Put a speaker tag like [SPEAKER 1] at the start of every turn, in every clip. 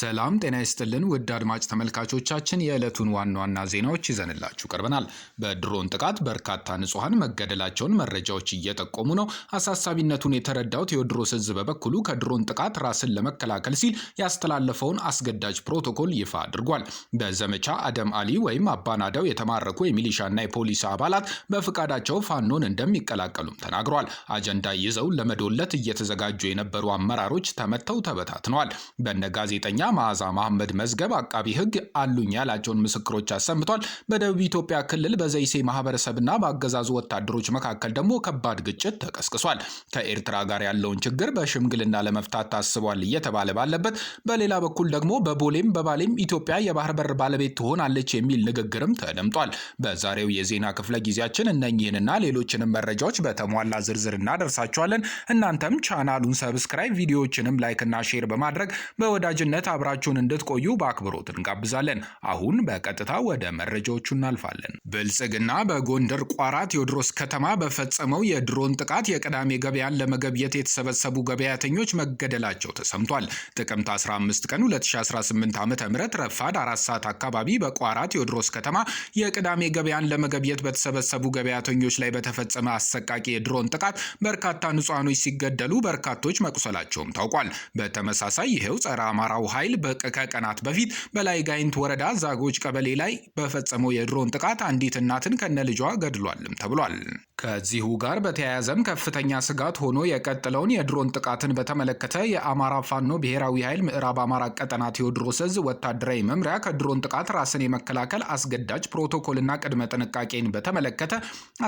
[SPEAKER 1] ሰላም ጤና ይስጥልን ውድ አድማጭ ተመልካቾቻችን፣ የዕለቱን ዋና ዋና ዜናዎች ይዘንላችሁ ቀርበናል። በድሮን ጥቃት በርካታ ንጹሐን መገደላቸውን መረጃዎች እየጠቆሙ ነው። አሳሳቢነቱን የተረዳው ቴዎድሮስ እዝ በበኩሉ ከድሮን ጥቃት ራስን ለመከላከል ሲል ያስተላለፈውን አስገዳጅ ፕሮቶኮል ይፋ አድርጓል። በዘመቻ አደም አሊ ወይም አባናደው የተማረኩ የሚሊሻና የፖሊስ አባላት በፍቃዳቸው ፋኖን እንደሚቀላቀሉም ተናግረዋል። አጀንዳ ይዘው ለመዶለት እየተዘጋጁ የነበሩ አመራሮች ተመተው ተበታትነዋል። በነ ጋዜጠኛ ዳኛ መዓዛ መሐመድ መዝገብ አቃቢ ህግ አሉኝ ያላቸውን ምስክሮች አሰምቷል። በደቡብ ኢትዮጵያ ክልል በዘይሴ ማህበረሰብና በአገዛዙ ወታደሮች መካከል ደግሞ ከባድ ግጭት ተቀስቅሷል። ከኤርትራ ጋር ያለውን ችግር በሽምግልና ለመፍታት ታስቧል እየተባለ ባለበት በሌላ በኩል ደግሞ በቦሌም በባሌም ኢትዮጵያ የባህር በር ባለቤት ትሆናለች የሚል ንግግርም ተደምጧል። በዛሬው የዜና ክፍለ ጊዜያችን እነኚህንና ሌሎችንም መረጃዎች በተሟላ ዝርዝር እናደርሳቸዋለን። እናንተም ቻናሉን ሰብስክራይብ፣ ቪዲዮዎችንም ላይክና ሼር በማድረግ በወዳጅነት አብራችሁን እንድትቆዩ በአክብሮት እንጋብዛለን። አሁን በቀጥታ ወደ መረጃዎቹ እናልፋለን። ብልጽግና በጎንደር ቋራ ቴዎድሮስ ከተማ በፈጸመው የድሮን ጥቃት የቅዳሜ ገበያን ለመገብየት የተሰበሰቡ ገበያተኞች መገደላቸው ተሰምቷል። ጥቅምት 15 ቀን 2018 ዓ ም ረፋድ አራት ሰዓት አካባቢ በቋራ ቴዎድሮስ ከተማ የቅዳሜ ገበያን ለመገብየት በተሰበሰቡ ገበያተኞች ላይ በተፈጸመ አሰቃቂ የድሮን ጥቃት በርካታ ንጹሐኖች ሲገደሉ በርካቶች መቁሰላቸውም ታውቋል። በተመሳሳይ ይኸው ጸረ አማራው ኃይል ከቀናት በፊት በላይ ጋይንት ወረዳ ዛጎች ቀበሌ ላይ በፈጸመው የድሮን ጥቃት አንዲት እናትን ከነ ልጇ ገድሏልም ተብሏል። ከዚሁ ጋር በተያያዘም ከፍተኛ ስጋት ሆኖ የቀጠለውን የድሮን ጥቃትን በተመለከተ የአማራ ፋኖ ብሔራዊ ኃይል ምዕራብ አማራ ቀጠና ቴዎድሮስ እዝ ወታደራዊ መምሪያ ከድሮን ጥቃት ራስን የመከላከል አስገዳጅ ፕሮቶኮልና ቅድመ ጥንቃቄን በተመለከተ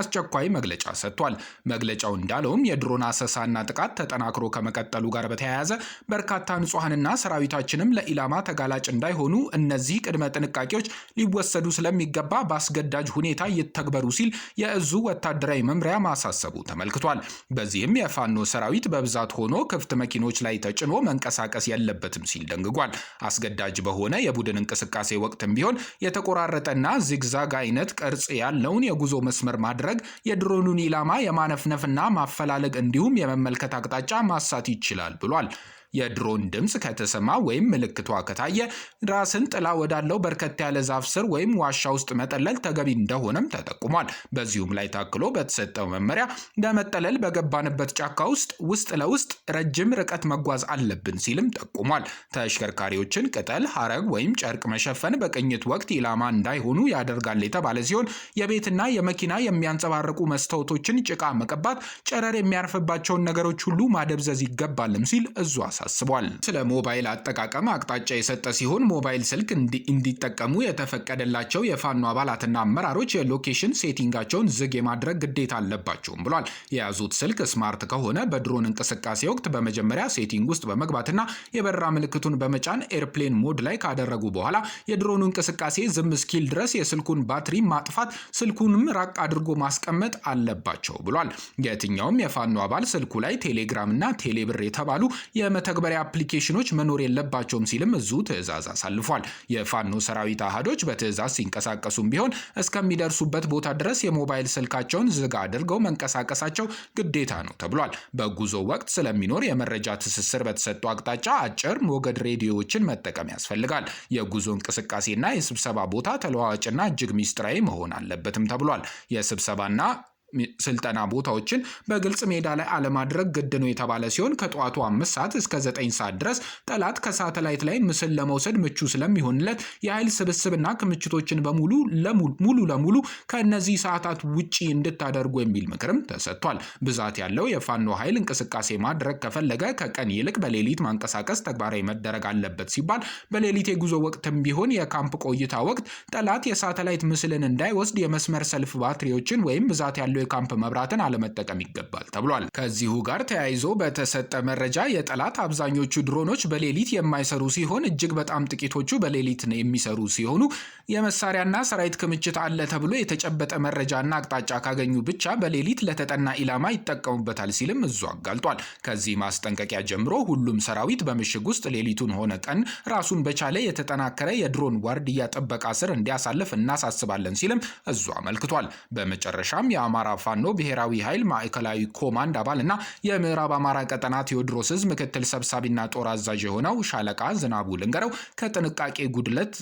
[SPEAKER 1] አስቸኳይ መግለጫ ሰጥቷል። መግለጫው እንዳለውም የድሮን አሰሳና ጥቃት ተጠናክሮ ከመቀጠሉ ጋር በተያያዘ በርካታ ንጹሐንና ሰራዊታችን ተማሪዎችንም ለኢላማ ተጋላጭ እንዳይሆኑ እነዚህ ቅድመ ጥንቃቄዎች ሊወሰዱ ስለሚገባ በአስገዳጅ ሁኔታ ይተግበሩ ሲል የእዙ ወታደራዊ መምሪያ ማሳሰቡ ተመልክቷል። በዚህም የፋኖ ሰራዊት በብዛት ሆኖ ክፍት መኪኖች ላይ ተጭኖ መንቀሳቀስ የለበትም ሲል ደንግጓል። አስገዳጅ በሆነ የቡድን እንቅስቃሴ ወቅትም ቢሆን የተቆራረጠና ዚግዛግ አይነት ቅርጽ ያለውን የጉዞ መስመር ማድረግ የድሮኑን ኢላማ የማነፍነፍና ማፈላለግ እንዲሁም የመመልከት አቅጣጫ ማሳት ይችላል ብሏል። የድሮን ድምፅ ከተሰማ ወይም ምልክቷ ከታየ ራስን ጥላ ወዳለው በርከት ያለ ዛፍ ስር ወይም ዋሻ ውስጥ መጠለል ተገቢ እንደሆነም ተጠቁሟል። በዚሁም ላይ ታክሎ በተሰጠው መመሪያ ለመጠለል በገባንበት ጫካ ውስጥ ውስጥ ለውስጥ ረጅም ርቀት መጓዝ አለብን ሲልም ጠቁሟል። ተሽከርካሪዎችን ቅጠል፣ ሐረግ ወይም ጨርቅ መሸፈን በቅኝት ወቅት ኢላማ እንዳይሆኑ ያደርጋል የተባለ ሲሆን የቤትና የመኪና የሚያንጸባርቁ መስታወቶችን ጭቃ መቀባት፣ ጨረር የሚያርፍባቸውን ነገሮች ሁሉ ማደብዘዝ ይገባልም ሲል እዙ አሳ አሳስቧል። ስለ ሞባይል አጠቃቀም አቅጣጫ የሰጠ ሲሆን ሞባይል ስልክ እንዲጠቀሙ የተፈቀደላቸው የፋኖ አባላትና አመራሮች የሎኬሽን ሴቲንጋቸውን ዝግ የማድረግ ግዴታ አለባቸውም ብሏል። የያዙት ስልክ ስማርት ከሆነ በድሮን እንቅስቃሴ ወቅት በመጀመሪያ ሴቲንግ ውስጥ በመግባትና የበረራ ምልክቱን በመጫን ኤርፕሌን ሞድ ላይ ካደረጉ በኋላ የድሮኑ እንቅስቃሴ ዝም እስኪል ድረስ የስልኩን ባትሪ ማጥፋት፣ ስልኩንም ራቅ አድርጎ ማስቀመጥ አለባቸው ብሏል። የትኛውም የፋኖ አባል ስልኩ ላይ ቴሌግራም እና ቴሌብር የተባሉ የመተ መተግበሪያ አፕሊኬሽኖች መኖር የለባቸውም ሲልም እዙ ትዕዛዝ አሳልፏል። የፋኖ ሰራዊት አህዶች በትዕዛዝ ሲንቀሳቀሱም ቢሆን እስከሚደርሱበት ቦታ ድረስ የሞባይል ስልካቸውን ዝግ አድርገው መንቀሳቀሳቸው ግዴታ ነው ተብሏል። በጉዞ ወቅት ስለሚኖር የመረጃ ትስስር በተሰጡ አቅጣጫ አጭር ሞገድ ሬዲዮዎችን መጠቀም ያስፈልጋል። የጉዞ እንቅስቃሴና የስብሰባ ቦታ ተለዋዋጭና እጅግ ሚስጥራዊ መሆን አለበትም ተብሏል። የስብሰባና ስልጠና ቦታዎችን በግልጽ ሜዳ ላይ አለማድረግ ግድ ነው የተባለ ሲሆን ከጠዋቱ አምስት ሰዓት እስከ ዘጠኝ ሰዓት ድረስ ጠላት ከሳተላይት ላይ ምስል ለመውሰድ ምቹ ስለሚሆንለት የኃይል ስብስብና ክምችቶችን በሙሉ ሙሉ ለሙሉ ከእነዚህ ሰዓታት ውጪ እንድታደርጉ የሚል ምክርም ተሰጥቷል። ብዛት ያለው የፋኖ ኃይል እንቅስቃሴ ማድረግ ከፈለገ ከቀን ይልቅ በሌሊት ማንቀሳቀስ ተግባራዊ መደረግ አለበት ሲባል በሌሊት የጉዞ ወቅትም ቢሆን የካምፕ ቆይታ ወቅት ጠላት የሳተላይት ምስልን እንዳይወስድ የመስመር ሰልፍ ባትሪዎችን ወይም ብዛት ያለው ያለው የካምፕ መብራትን አለመጠቀም ይገባል ተብሏል። ከዚሁ ጋር ተያይዞ በተሰጠ መረጃ የጠላት አብዛኞቹ ድሮኖች በሌሊት የማይሰሩ ሲሆን እጅግ በጣም ጥቂቶቹ በሌሊት የሚሰሩ ሲሆኑ የመሳሪያና ሰራዊት ክምችት አለ ተብሎ የተጨበጠ መረጃና አቅጣጫ ካገኙ ብቻ በሌሊት ለተጠና ኢላማ ይጠቀሙበታል ሲልም እዙ አጋልጧል። ከዚህ ማስጠንቀቂያ ጀምሮ ሁሉም ሰራዊት በምሽግ ውስጥ ሌሊቱን ሆነ ቀን ራሱን በቻለ የተጠናከረ የድሮን ዋርድያ ጥበቃ ስር እንዲያሳልፍ እናሳስባለን ሲልም እዙ አመልክቷል። በመጨረሻም የአማራ የአማራ ፋኖ ብሔራዊ ኃይል ማዕከላዊ ኮማንድ አባል እና የምዕራብ አማራ ቀጠና ቴዎድሮስ ዕዝ ምክትል ሰብሳቢና ጦር አዛዥ የሆነው ሻለቃ ዝናቡ ልንገረው ከጥንቃቄ ጉድለት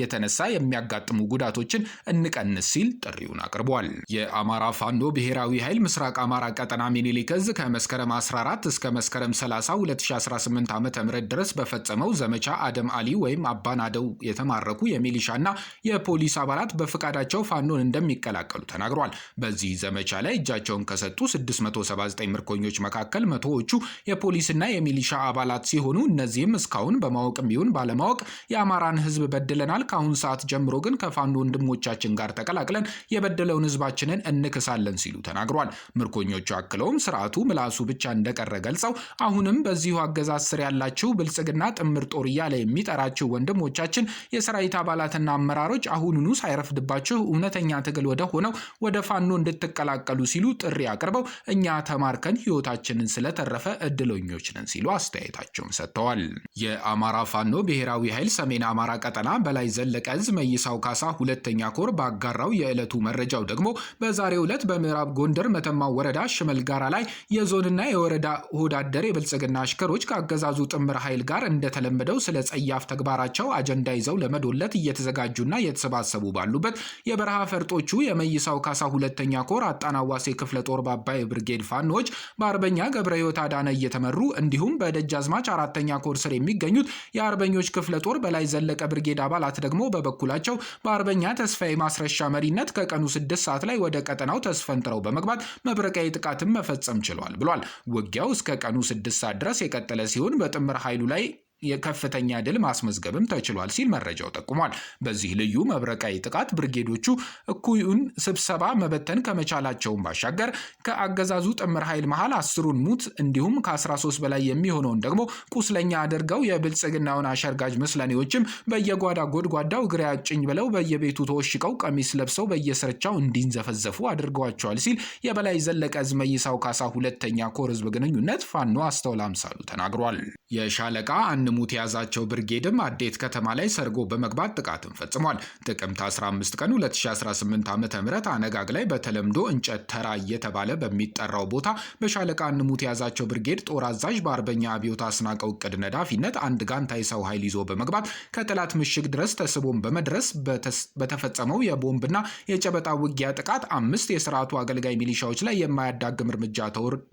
[SPEAKER 1] የተነሳ የሚያጋጥሙ ጉዳቶችን እንቀንስ ሲል ጥሪውን አቅርቧል። የአማራ ፋኖ ብሔራዊ ኃይል ምስራቅ አማራ ቀጠና ሚኒሊክ ከመስከረም 14 እስከ መስከረም 30 2018 ዓ ም ድረስ በፈጸመው ዘመቻ አደም አሊ ወይም አባናደው የተማረኩ የሚሊሻና የፖሊስ አባላት በፈቃዳቸው ፋኖን እንደሚቀላቀሉ ተናግሯል። በዚህ ዘመቻ ላይ እጃቸውን ከሰጡ 679 ምርኮኞች መካከል መቶዎቹ የፖሊስና የሚሊሻ አባላት ሲሆኑ እነዚህም እስካሁን በማወቅም ቢሆን ባለማወቅ የአማራን ህዝብ በድለናል። ከአሁን ሰዓት ጀምሮ ግን ከፋኖ ወንድሞቻችን ጋር ተቀላቅለን የበደለውን ህዝባችንን እንክሳለን ሲሉ ተናግሯል። ምርኮኞቹ አክለውም ስርዓቱ ምላሱ ብቻ እንደቀረ ገልጸው አሁንም በዚሁ አገዛዝ ስር ያላችሁ ብልጽግና ጥምር ጦር እያለ የሚጠራችሁ ወንድሞቻችን የሰራዊት አባላትና አመራሮች አሁኑኑ ሳይረፍድባችሁ እውነተኛ ትግል ወደ ሆነው ወደ ፋኖ እንድትቀ ተቀላቀሉ ሲሉ ጥሪ አቅርበው እኛ ተማርከን ህይወታችንን ስለተረፈ እድለኞች ነን ሲሉ አስተያየታቸውን ሰጥተዋል። የአማራ ፋኖ ብሔራዊ ኃይል ሰሜን አማራ ቀጠና በላይ ዘለቀ ዕዝ መይሳው ካሳ ሁለተኛ ኮር ባጋራው የዕለቱ መረጃው ደግሞ በዛሬው ዕለት በምዕራብ ጎንደር መተማ ወረዳ ሽመል ጋራ ላይ የዞንና የወረዳ ሆዳደር የብልጽግና አሽከሮች ከአገዛዙ ጥምር ኃይል ጋር እንደተለመደው ስለ ጸያፍ ተግባራቸው አጀንዳ ይዘው ለመዶለት እየተዘጋጁና እየተሰባሰቡ ባሉበት የበረሃ ፈርጦቹ የመይሳው ካሳ ሁለተኛ ኮር አጣናዋሴ ክፍለ ጦር ባባይ ብርጌድ ፋኖች በአርበኛ ገብረ ህይወት አዳነ እየተመሩ እንዲሁም በደጃዝማች አራተኛ ኮር ስር የሚገኙት የአርበኞች ክፍለ ጦር በላይ ዘለቀ ብርጌድ አባላት ደግሞ በበኩላቸው በአርበኛ ተስፋዬ ማስረሻ መሪነት ከቀኑ ስድስት ሰዓት ላይ ወደ ቀጠናው ተስፈንጥረው በመግባት መብረቃዊ ጥቃትን መፈጸም ችሏል ብሏል። ውጊያው እስከ ቀኑ ስድስት ሰዓት ድረስ የቀጠለ ሲሆን በጥምር ኃይሉ ላይ የከፍተኛ ድል ማስመዝገብም ተችሏል ሲል መረጃው ጠቁሟል። በዚህ ልዩ መብረቃዊ ጥቃት ብርጌዶቹ እኩዩን ስብሰባ መበተን ከመቻላቸውን ባሻገር ከአገዛዙ ጥምር ኃይል መሃል አስሩን ሙት እንዲሁም ከ13 በላይ የሚሆነውን ደግሞ ቁስለኛ አድርገው የብልጽግናውን አሸርጋጅ ምስለኔዎችም በየጓዳ ጎድጓዳው እግሬ አጭኝ ብለው በየቤቱ ተወሽቀው ቀሚስ ለብሰው በየስርቻው እንዲንዘፈዘፉ አድርገዋቸዋል ሲል የበላይ ዘለቀ ዝመይሳው ካሳ ሁለተኛ ኮር ህዝብ ግንኙነት ፋኖ አስተውል አምሳሉ ተናግሯል። የሻለቃ ሙት የያዛቸው ብርጌድም አዴት ከተማ ላይ ሰርጎ በመግባት ጥቃትን ፈጽሟል። ጥቅምት 15 ቀን 2018 ዓ.ም አነጋግ ላይ በተለምዶ እንጨት ተራ እየተባለ በሚጠራው ቦታ በሻለቃ ንሙት የያዛቸው ብርጌድ ጦር አዛዥ በአርበኛ አብዮት አስናቀው እቅድ ነዳፊነት አንድ ጋንታ የሰው ኃይል ይዞ በመግባት ከጠላት ምሽግ ድረስ ተስቦን በመድረስ በተፈጸመው የቦምብና የጨበጣ ውጊያ ጥቃት አምስት የስርዓቱ አገልጋይ ሚሊሻዎች ላይ የማያዳግም እርምጃ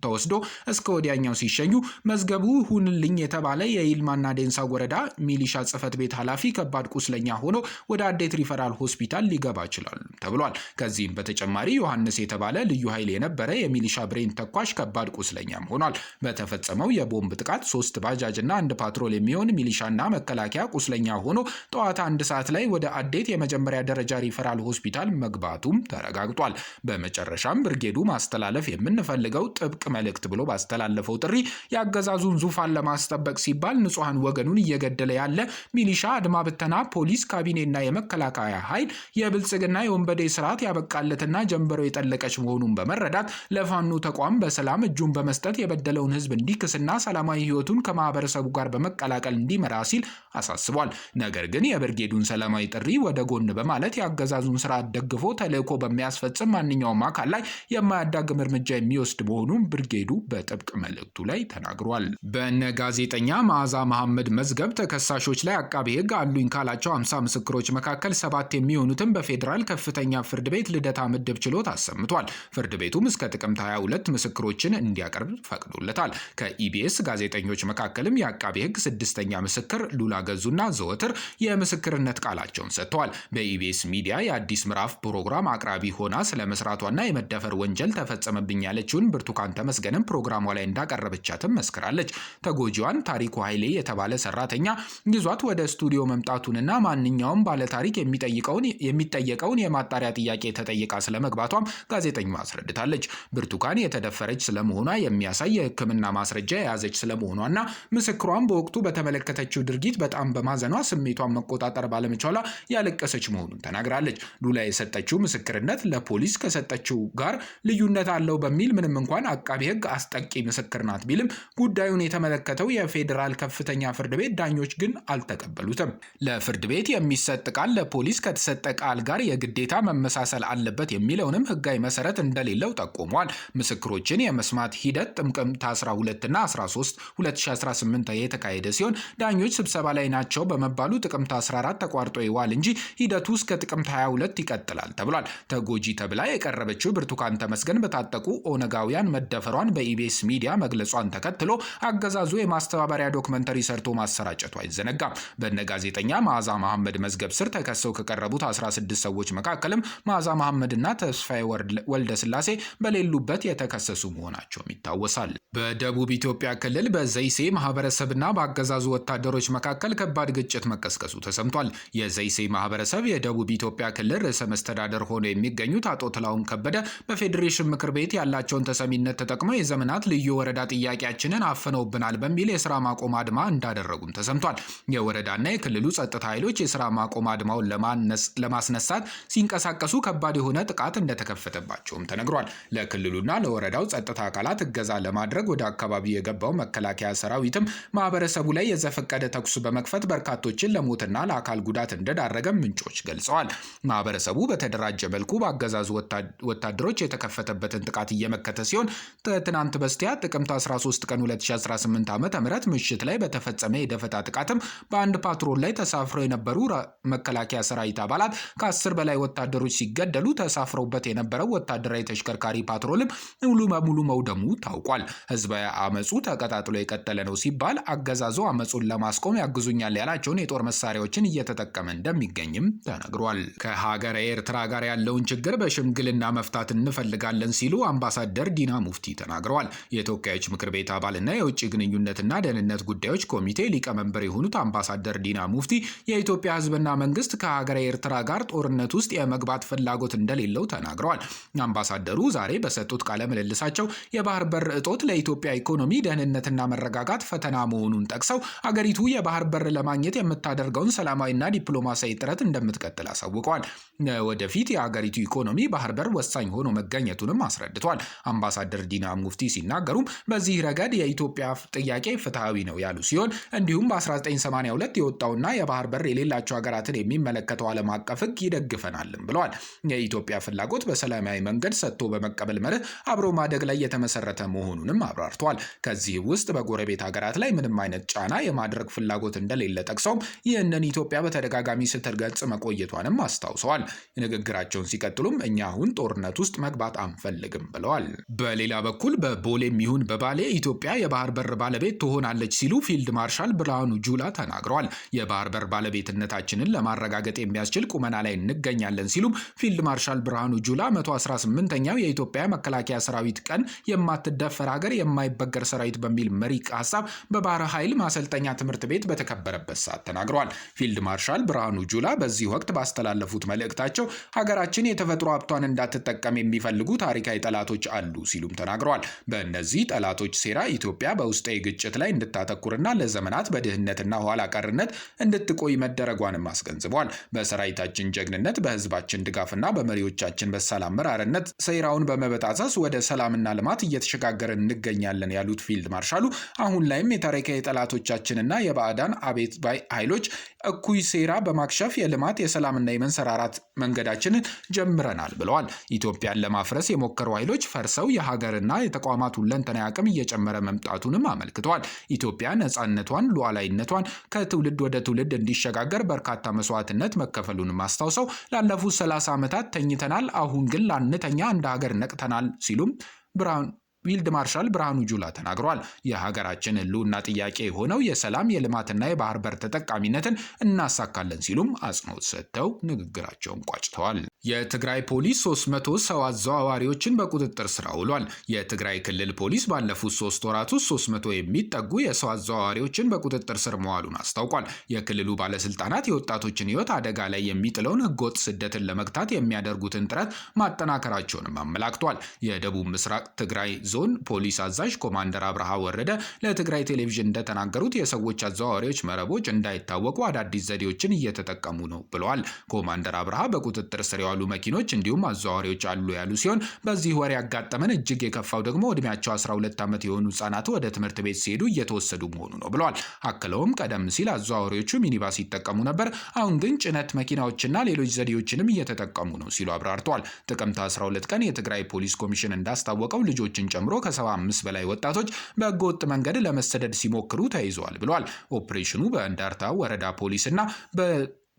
[SPEAKER 1] ተወስዶ እስከ ወዲያኛው ሲሸኙ መዝገቡ ሁንልኝ የተባለ የይልማና ዴንሳ ወረዳ ሚሊሻ ጽህፈት ቤት ኃላፊ ከባድ ቁስለኛ ሆኖ ወደ አዴት ሪፈራል ሆስፒታል ሊገባ ይችላል ተብሏል። ከዚህም በተጨማሪ ዮሐንስ የተባለ ልዩ ኃይል የነበረ የሚሊሻ ብሬን ተኳሽ ከባድ ቁስለኛም ሆኗል። በተፈጸመው የቦምብ ጥቃት ሶስት ባጃጅ እና አንድ ፓትሮል የሚሆን ሚሊሻና መከላከያ ቁስለኛ ሆኖ ጠዋት አንድ ሰዓት ላይ ወደ አዴት የመጀመሪያ ደረጃ ሪፈራል ሆስፒታል መግባቱም ተረጋግጧል። በመጨረሻም ብርጌዱ ማስተላለፍ የምንፈልገው ጥብቅ መልእክት ብሎ ባስተላለፈው ጥሪ የአገዛዙን ዙፋን ለማስጠበቅ ሲባል ንጹሐን ወገኑን እየገደለ ያለ ሚሊሻ፣ አድማ ብተና፣ ፖሊስ፣ ካቢኔና የመከላከያ ኃይል የብልጽግና የወንበዴ ስርዓት ያበቃለትና ጀንበሮ የጠለቀች መሆኑን በመረዳት ለፋኖ ተቋም በሰላም እጁን በመስጠት የበደለውን ህዝብ እንዲክስና ሰላማዊ ህይወቱን ከማህበረሰቡ ጋር በመቀላቀል እንዲመራ ሲል አሳስቧል። ነገር ግን የብርጌዱን ሰላማዊ ጥሪ ወደ ጎን በማለት የአገዛዙን ስርዓት ደግፎ ተልዕኮ በሚያስፈጽም ማንኛውም አካል ላይ የማያዳግም እርምጃ የሚወስድ መሆኑን ብርጌዱ በጥብቅ መልእክቱ ላይ ተናግሯል። በነ ጋዜጠኛ መዓዛ መሐመድ መዝገብ ተከሳሾች ላይ አቃቤ ሕግ አሉኝ ካላቸው 50 ምስክሮች መካከል ሰባት የሚሆኑትን በፌዴራል ከፍተኛ ፍርድ ቤት ልደታ ምድብ ችሎት አሰምቷል። ፍርድ ቤቱም እስከ ጥቅምት 22 ምስክሮችን እንዲያቀርብ ፈቅዶለታል። ከኢቢኤስ ጋዜጠኞች መካከልም የአቃቤ ሕግ ስድስተኛ ምስክር ሉላ ገዙና ዘወትር የምስክርነት ቃላቸውን ሰጥተዋል። በኢቢኤስ ሚዲያ የአዲስ ምዕራፍ ፕሮግራም አቅራቢ ሆና ስለ መስራቷና የመደፈር ወንጀል ተፈጸመብኝ ያለችውን ብርቱካን ተመስገንም ፕሮግራሟ ላይ እንዳቀረበቻትም መስክራለች። ተጎጂዋን ታሪኩ ኃይሌ የተባለ ሰራተኛ ይዟት ወደ ስቱዲዮ መምጣቱንና ማንኛውም ባለታሪክ የሚጠየቀውን የማጣሪያ ጥያቄ ተጠይቃ ስለመግባቷም ጋዜጠኛዋ አስረድታለች። ብርቱካን የተደፈረች ስለመሆኗ የሚያሳይ የሕክምና ማስረጃ የያዘች ስለመሆኗና ምስክሯን በወቅቱ በተመለከተችው ድርጊት በጣም በማዘኗ ስሜቷን መቆጣጠር ባለመቻሏ ያለቀሰች መሆኑን ተናግራለች። ሉላ የሰጠችው ምስክርነት ለፖሊስ ከሰጠችው ጋር ልዩነት አለው በሚል ምንም እንኳን አቃቢ ሕግ አስጠቂ ምስክር ናት ቢልም ጉዳዩን የተመለከተው የፌዴራል ከፍተኛ ከፍተኛ ፍርድ ቤት ዳኞች ግን አልተቀበሉትም። ለፍርድ ቤት የሚሰጥ ቃል ለፖሊስ ከተሰጠ ቃል ጋር የግዴታ መመሳሰል አለበት የሚለውንም ህጋዊ መሰረት እንደሌለው ጠቁሟል። ምስክሮችን የመስማት ሂደት ጥቅምት 12ና 13 2018 የተካሄደ ሲሆን ዳኞች ስብሰባ ላይ ናቸው በመባሉ ጥቅምት 14 ተቋርጦ ይዋል እንጂ ሂደቱ እስከ ጥቅምት 22 ይቀጥላል ተብሏል። ተጎጂ ተብላ የቀረበችው ብርቱካን ተመስገን በታጠቁ ኦነጋውያን መደፈሯን በኢቢኤስ ሚዲያ መግለጿን ተከትሎ አገዛዙ የማስተባበሪያ ዶክመንተሪ ሰርቶ ማሰራጨቱ አይዘነጋም። በነ ጋዜጠኛ መዓዛ መሐመድ መዝገብ ስር ተከሰው ከቀረቡት 16 ሰዎች መካከልም መዓዛ መሐመድና ተስፋዬ ወልደ ስላሴ በሌሉበት የተከሰሱ መሆናቸውም ይታወሳል። በደቡብ ኢትዮጵያ ክልል በዘይሴ ማህበረሰብና በአገዛዙ ወታደሮች መካከል ከባድ ግጭት መቀስቀሱ ተሰምቷል። የዘይሴ ማህበረሰብ የደቡብ ኢትዮጵያ ክልል ርዕሰ መስተዳደር ሆነው የሚገኙት አቶ ትላሁን ከበደ በፌዴሬሽን ምክር ቤት ያላቸውን ተሰሚነት ተጠቅመው የዘመናት ልዩ ወረዳ ጥያቄያችንን አፍነውብናል በሚል የስራ ማቆም አድማ እንዳደረጉም ተሰምቷል። የወረዳና የክልሉ ጸጥታ ኃይሎች የስራ ማቆም አድማውን ለማስነሳት ሲንቀሳቀሱ ከባድ የሆነ ጥቃት እንደተከፈተባቸውም ተነግሯል። ለክልሉና ለወረዳው ጸጥታ አካላት እገዛ ለማድረግ ወደ አካባቢው የገባው መከላከያ ሰራዊትም ማህበረሰቡ ላይ የዘፈቀደ ተኩስ በመክፈት በርካቶችን ለሞትና ለአካል ጉዳት እንደዳረገ ምንጮች ገልጸዋል። ማህበረሰቡ በተደራጀ መልኩ በአገዛዙ ወታደሮች የተከፈተበትን ጥቃት እየመከተ ሲሆን ትናንት በስቲያ ጥቅምት 13 ቀን 2018 ዓ ም ምሽት ላይ በተፈ በተፈጸመ የደፈጣ ጥቃትም በአንድ ፓትሮል ላይ ተሳፍረው የነበሩ መከላከያ ሰራዊት አባላት ከአስር በላይ ወታደሮች ሲገደሉ ተሳፍረውበት የነበረው ወታደራዊ ተሽከርካሪ ፓትሮልም ሙሉ በሙሉ መውደሙ ታውቋል። ህዝባዊ አመፁ ተቀጣጥሎ የቀጠለ ነው ሲባል አገዛዞ አመፁን ለማስቆም ያግዙኛል ያላቸውን የጦር መሳሪያዎችን እየተጠቀመ እንደሚገኝም ተነግሯል። ከሀገረ ኤርትራ ጋር ያለውን ችግር በሽምግልና መፍታት እንፈልጋለን ሲሉ አምባሳደር ዲና ሙፍቲ ተናግረዋል። የተወካዮች ምክር ቤት አባልና የውጭ ግንኙነትና ደህንነት ጉዳዮች ኮሚቴ ሊቀመንበር የሆኑት አምባሳደር ዲና ሙፍቲ የኢትዮጵያ ህዝብና መንግስት ከሀገረ ኤርትራ ጋር ጦርነት ውስጥ የመግባት ፍላጎት እንደሌለው ተናግረዋል። አምባሳደሩ ዛሬ በሰጡት ቃለ ምልልሳቸው የባህር በር እጦት ለኢትዮጵያ ኢኮኖሚ ደህንነትና መረጋጋት ፈተና መሆኑን ጠቅሰው አገሪቱ የባህር በር ለማግኘት የምታደርገውን ሰላማዊና ዲፕሎማሲያዊ ጥረት እንደምትቀጥል አሳውቀዋል። ወደፊት የአገሪቱ ኢኮኖሚ ባህር በር ወሳኝ ሆኖ መገኘቱንም አስረድቷል። አምባሳደር ዲና ሙፍቲ ሲናገሩም በዚህ ረገድ የኢትዮጵያ ጥያቄ ፍትሐዊ ነው ያሉ ሲሆን ሲሆን እንዲሁም በ1982 የወጣውና የባህር በር የሌላቸው ሀገራትን የሚመለከተው ዓለም አቀፍ ህግ ይደግፈናልም ብለዋል። የኢትዮጵያ ፍላጎት በሰላማዊ መንገድ ሰጥቶ በመቀበል መርህ አብሮ ማደግ ላይ የተመሰረተ መሆኑንም አብራርተዋል። ከዚህ ውስጥ በጎረቤት ሀገራት ላይ ምንም አይነት ጫና የማድረግ ፍላጎት እንደሌለ ጠቅሰውም ይህንን ኢትዮጵያ በተደጋጋሚ ስትገልጽ መቆየቷንም አስታውሰዋል። ንግግራቸውን ሲቀጥሉም እኛ አሁን ጦርነት ውስጥ መግባት አንፈልግም ብለዋል። በሌላ በኩል በቦሌም ይሁን በባሌ ኢትዮጵያ የባህር በር ባለቤት ትሆናለች ሲሉ ፊልድ ፊልድ ማርሻል ብርሃኑ ጁላ ተናግረዋል። የባህር በር ባለቤትነታችንን ለማረጋገጥ የሚያስችል ቁመና ላይ እንገኛለን ሲሉም ፊልድ ማርሻል ብርሃኑ ጁላ 118ኛው የኢትዮጵያ መከላከያ ሰራዊት ቀን የማትደፈር ሀገር የማይበገር ሰራዊት በሚል መሪ ሀሳብ በባህር ኃይል ማሰልጠኛ ትምህርት ቤት በተከበረበት ሰዓት ተናግረዋል። ፊልድ ማርሻል ብርሃኑ ጁላ በዚህ ወቅት ባስተላለፉት መልእክታቸው ሀገራችን የተፈጥሮ ሀብቷን እንዳትጠቀም የሚፈልጉ ታሪካዊ ጠላቶች አሉ ሲሉም ተናግረዋል። በእነዚህ ጠላቶች ሴራ ኢትዮጵያ በውስጣዊ ግጭት ላይ እንድታተኩርና ለዘመናት በድህነትና ኋላ ቀርነት እንድትቆይ መደረጓንም አስገንዝቧል። በሰራዊታችን ጀግንነት፣ በህዝባችን ድጋፍና በመሪዎቻችን በሰላም አመራርነት ሰይራውን በመበጣጠስ ወደ ሰላምና ልማት እየተሸጋገርን እንገኛለን ያሉት ፊልድ ማርሻሉ አሁን ላይም የታሪካዊ የጠላቶቻችንና የባዕዳን አቤት ባይ ኃይሎች እኩይ ሴራ በማክሸፍ የልማት የሰላምና የመንሰራራት መንገዳችንን ጀምረናል ብለዋል። ኢትዮጵያን ለማፍረስ የሞከሩ ኃይሎች ፈርሰው የሀገርና የተቋማት ሁለንተናዊ አቅም እየጨመረ መምጣቱንም አመልክተዋል። ኢትዮጵያ ነጻ ነፃነቷን፣ ሉዓላዊነቷን ከትውልድ ወደ ትውልድ እንዲሸጋገር በርካታ መስዋዕትነት መከፈሉንም አስታውሰው ላለፉት ሰላሳ ዓመታት ተኝተናል፣ አሁን ግን ላንተኛ እንደ ሀገር ነቅተናል ሲሉም ብርሃኑ ፊልድ ማርሻል ብርሃኑ ጁላ ተናግረዋል። የሀገራችን ህልውና ጥያቄ የሆነው የሰላም የልማትና የባህር በር ተጠቃሚነትን እናሳካለን ሲሉም አጽንኦት ሰጥተው ንግግራቸውን ቋጭተዋል። የትግራይ ፖሊስ 300 ሰው አዘዋዋሪዎችን በቁጥጥር ስር ውሏል። የትግራይ ክልል ፖሊስ ባለፉት ሶስት ወራት ውስጥ 300 የሚጠጉ የሰው አዘዋዋሪዎችን በቁጥጥር ስር መዋሉን አስታውቋል። የክልሉ ባለስልጣናት የወጣቶችን ሕይወት አደጋ ላይ የሚጥለውን ህገወጥ ስደትን ለመግታት የሚያደርጉትን ጥረት ማጠናከራቸውንም አመላክቷል። የደቡብ ምስራቅ ትግራይ ዞን ፖሊስ አዛዥ ኮማንደር አብርሃ ወረደ ለትግራይ ቴሌቪዥን እንደተናገሩት የሰዎች አዘዋዋሪዎች መረቦች እንዳይታወቁ አዳዲስ ዘዴዎችን እየተጠቀሙ ነው ብለዋል። ኮማንደር አብርሃ በቁጥጥር ስር የዋሉ መኪኖች እንዲሁም አዘዋዋሪዎች አሉ ያሉ ሲሆን በዚህ ወር ያጋጠመን እጅግ የከፋው ደግሞ እድሜያቸው 12 ዓመት የሆኑ ህጻናት ወደ ትምህርት ቤት ሲሄዱ እየተወሰዱ መሆኑ ነው ብለዋል። አክለውም ቀደም ሲል አዘዋዋሪዎቹ ሚኒባስ ይጠቀሙ ነበር፣ አሁን ግን ጭነት መኪናዎችና ሌሎች ዘዴዎችንም እየተጠቀሙ ነው ሲሉ አብራርተዋል። ጥቅምት 12 ቀን የትግራይ ፖሊስ ኮሚሽን እንዳስታወቀው ልጆችን ጨምሮ ከ75 በላይ ወጣቶች በህገወጥ መንገድ ለመሰደድ ሲሞክሩ ተይዘዋል ብለዋል። ኦፕሬሽኑ በእንዳርታ ወረዳ ፖሊስ እና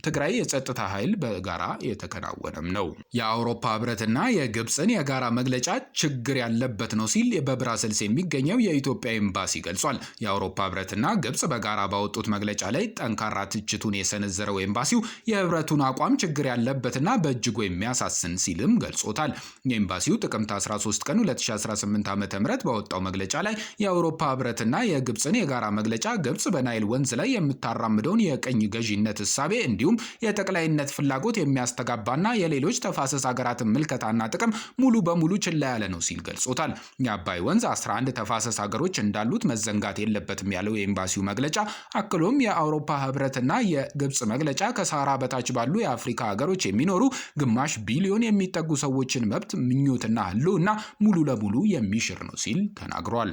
[SPEAKER 1] ትግራይ የጸጥታ ኃይል በጋራ የተከናወነም ነው። የአውሮፓ ህብረትና የግብፅን የጋራ መግለጫ ችግር ያለበት ነው ሲል በብራሰልስ የሚገኘው የኢትዮጵያ ኤምባሲ ገልጿል። የአውሮፓ ህብረትና ግብፅ በጋራ ባወጡት መግለጫ ላይ ጠንካራ ትችቱን የሰነዘረው ኤምባሲው የህብረቱን አቋም ችግር ያለበትና በእጅጉ የሚያሳስን ሲልም ገልጾታል። የኤምባሲው ጥቅምት 13 ቀን 2018 ዓ ም በወጣው መግለጫ ላይ የአውሮፓ ህብረትና የግብፅን የጋራ መግለጫ ግብፅ በናይል ወንዝ ላይ የምታራምደውን የቅኝ ገዢነት እሳቤ እንዲሁ እንዲሁም የጠቅላይነት ፍላጎት የሚያስተጋባና የሌሎች ተፋሰስ ሀገራትን ምልከታና ጥቅም ሙሉ በሙሉ ችላ ያለ ነው ሲል ገልጾታል። የአባይ ወንዝ 11 ተፋሰስ ሀገሮች እንዳሉት መዘንጋት የለበትም ያለው የኤምባሲው መግለጫ አክሎም የአውሮፓ ህብረትና የግብፅ መግለጫ ከሳራ በታች ባሉ የአፍሪካ ሀገሮች የሚኖሩ ግማሽ ቢሊዮን የሚጠጉ ሰዎችን መብት ምኞትና ህልውና ሙሉ ለሙሉ የሚሽር ነው ሲል ተናግሯል።